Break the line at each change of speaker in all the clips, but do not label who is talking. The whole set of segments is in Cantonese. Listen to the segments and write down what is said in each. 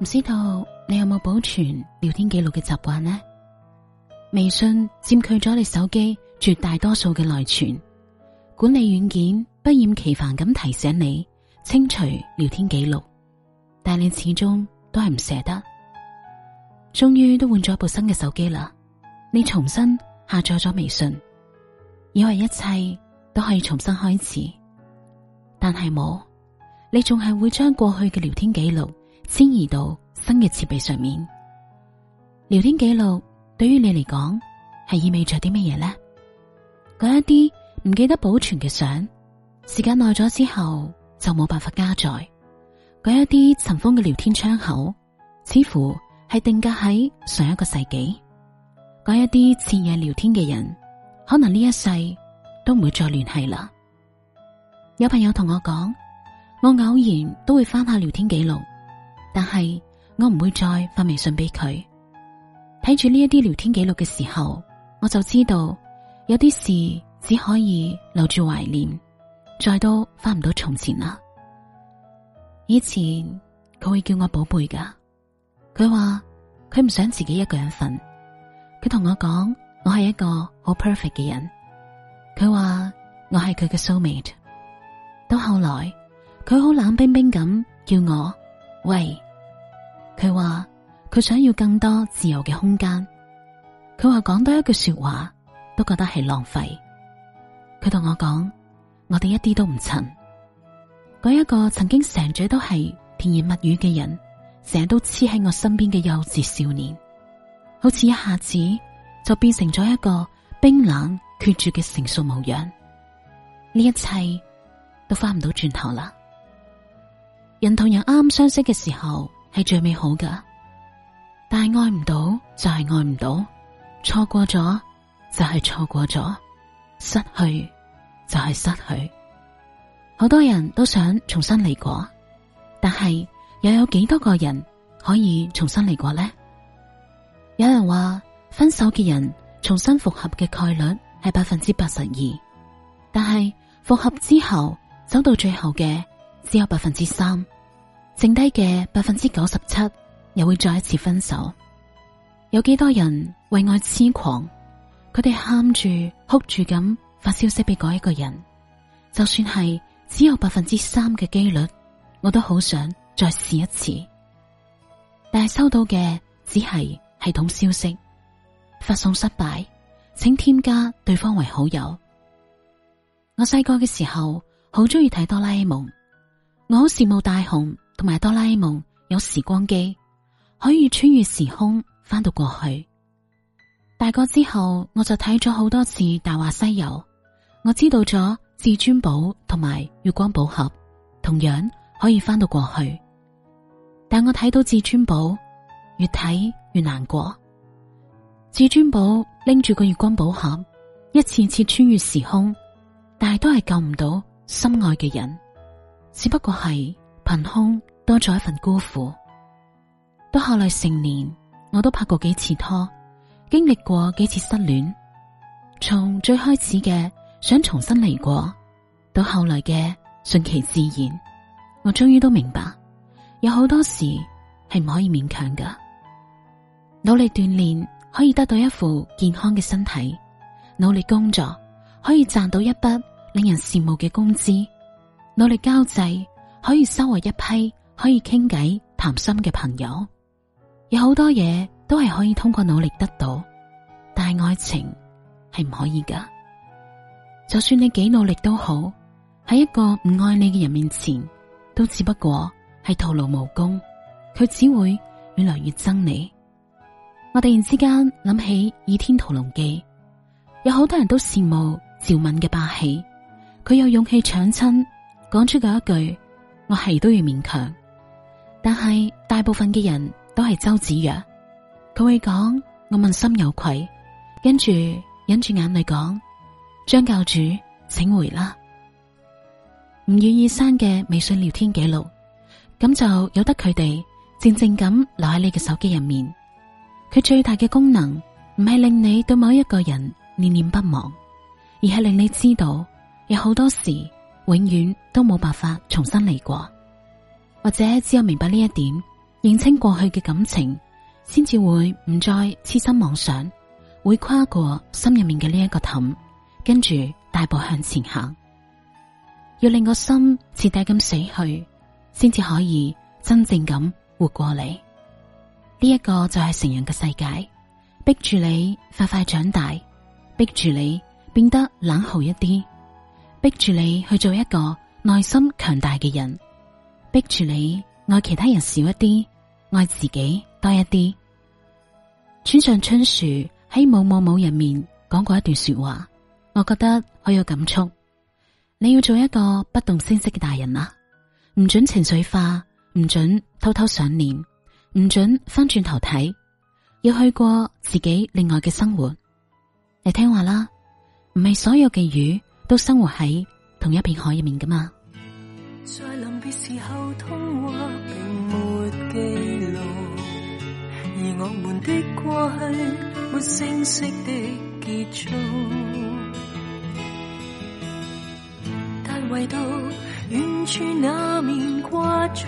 唔知道你有冇保存聊天記錄嘅習慣呢？微信佔據咗你手機絕大多數嘅內存，管理軟件不厭其煩咁提醒你清除聊天記錄，但你始終都係唔捨得。終於都換咗部新嘅手機啦，你重新下載咗微信，以為一切都可以重新開始。但係冇，你仲係會將過去嘅聊天記錄遷移到新嘅設備上面。聊天記錄對於你嚟講係意味着啲乜嘢呢？嗰一啲唔記得保存嘅相，時間耐咗之後就冇辦法加載；嗰一啲塵封嘅聊天窗口，似乎係定格喺上一個世紀；嗰一啲前夜聊天嘅人，可能呢一世都唔會再聯繫啦。有朋友同我講，我偶然都會翻下聊天記錄，但係我唔會再發微信俾佢。睇住呢一啲聊天記錄嘅時候，我就知道有啲事只可以留住懷念，再都翻唔到從前啦。以前佢會叫我寶貝噶，佢話佢唔想自己一個人瞓，佢同我講我係一個好 perfect 嘅人，佢話我係佢嘅 soulmate。到後來，佢好冷冰冰咁叫我喂。佢話佢想要更多自由嘅空間。佢話講多一句說話都覺得係浪費。佢同我講，我哋一啲都唔襯。嗰一個曾經成嘴都係甜言蜜語嘅人，成日都黐喺我身邊嘅幼稚少年，好似一下子就變成咗一個冰冷決絕嘅成熟模樣。呢一切，都翻唔到轉頭啦。人同人啱啱相識嘅時候係最美好噶，但係愛唔到就係愛唔到，錯過咗就係錯過咗，失去就係失去。好多人都想重新嚟過，但係又有幾多個人可以重新嚟過呢？有人話分手嘅人重新復合嘅概率係百分之八十二，但係復合之後。走到最後嘅，只有百分之三，剩低嘅百分之九十七又會再一次分手。有幾多人為愛癡狂？佢哋喊住、哭住咁發消息俾嗰一個人。就算係只有百分之三嘅幾率，我都好想再試一次。但係收到嘅只係系統消息，發送失敗，請添加對方為好友。我細個嘅時候，好中意睇哆啦 A 夢，我好羨慕大雄同埋哆啦 A 夢有時光機，可以穿越時空翻到過去。大個之後我就睇咗好多次《大話西遊》，我知道咗至尊寶同埋月光寶盒同樣可以翻到過去，但我睇到至尊寶越睇越難過。至尊寶拎住個月光寶盒，一次次穿越時空，但係都係救唔到。心愛嘅人，只不過係憑空多咗一份辜負。到後來成年，我都拍過幾次拖，經歷過幾次失戀。從最開始嘅想重新嚟過，到後來嘅順其自然，我終於都明白，有好多事係唔可以勉強噶。努力鍛煉可以得到一副健康嘅身體，努力工作可以賺到一筆。令人羨慕嘅工資，努力交際，可以收穫一批可以傾偈談心嘅朋友，有好多嘢都係可以通過努力得到，但係愛情係唔可以噶。就算你幾努力都好，喺一個唔愛你嘅人面前，都只不過係徒勞無功，佢只會越來越憎你。我突然之間諗起《倚天屠龍記》，有好多人都羨慕趙敏嘅霸氣。佢有勇氣搶親，講出嗰一句，我係都要勉強。但係大部分嘅人都係周芷若，佢會講我問心有愧，跟住忍住眼淚講，張教主請回啦。唔願意刪嘅微信聊天記錄，咁就有得佢哋靜靜咁留喺你嘅手機入面。佢最大嘅功能唔係令你對某一個人念念不忘，而係令你知道。有好多事永遠都冇辦法重新嚟過，或者只有明白呢一點，認清過去嘅感情，先至會唔再痴心妄想，會跨過心入面嘅呢一個氹，跟住大步向前行。要令個心徹底咁死去，先至可以真正咁活過嚟。呢一個就係成人嘅世界，逼住你快快長大，逼住你變得冷酷一啲。逼住你去做一個內心強大嘅人，逼住你愛其他人少一啲，愛自己多一啲。村上春樹喺某某某入面講過一段說話，我覺得好有感觸。你要做一個不動聲色嘅大人啦，唔准情緒化，唔准偷偷想念，唔准翻轉頭睇，要去過自己另外嘅生活。你聽話啦，唔係所有嘅魚。都生活喺同一片海入面噶嘛？
在臨別時候，通話並沒記錄，而我們的過去沒聲息的結束。但唯獨遠處那面掛鐘，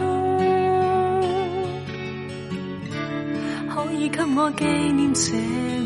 可以給我紀念這。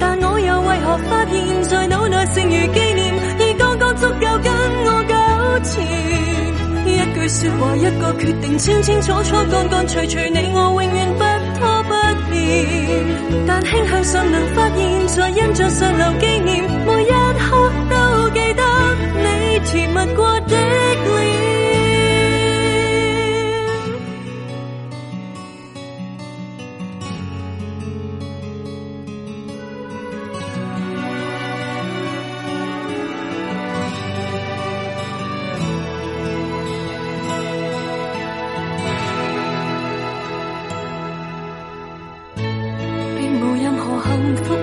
但我又為何發現在腦內剩餘紀念，而剛剛足夠跟我糾纏。一句說話，一個決定，清清楚楚，乾乾脆脆，你我永遠不拖不欠。但輕向上能發現在印象上留紀念，每一刻都記得你甜蜜過。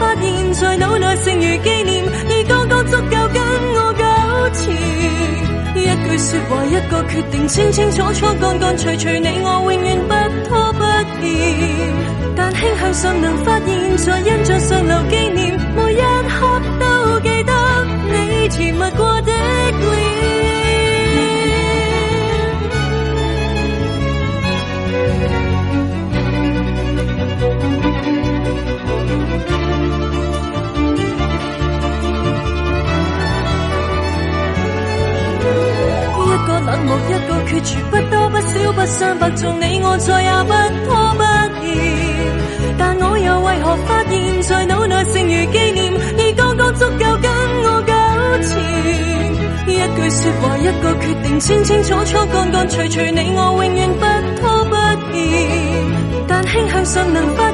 發現在腦內剩餘紀念，你剛剛足夠跟我糾纏，一句說話一個決定，清清楚楚乾乾脆脆，剛剛隨隨你我永遠不拖不欠。但慶幸尚能發現在印象上留紀念，每一刻都記得你甜蜜過的。某一個決絕，不多不少，不相不縱，你我再也不拖不欠。但我又為何發現，在腦內剩餘紀念，已剛剛足夠跟我糾纏。一句說話，一個決定，清清楚楚，乾乾脆脆，你我永遠不拖不欠。但輕向上能不？